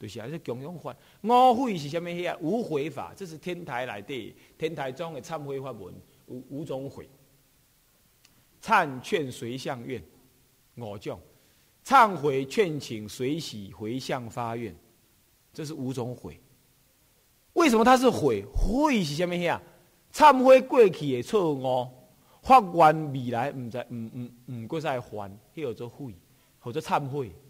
就是還、啊、是共用法，五悔是啥物事啊？五悔法，這是天台來的，天台中的懺悔法門，五五,五種悔。懺勸隨向願，五種懺悔勸請隨喜回向發願，這是五種悔。為什麼他是悔？悔是啥物事啊？懺悔過去的錯誤，發願未來唔在唔唔唔再還，叫做悔，或者懺悔。嗯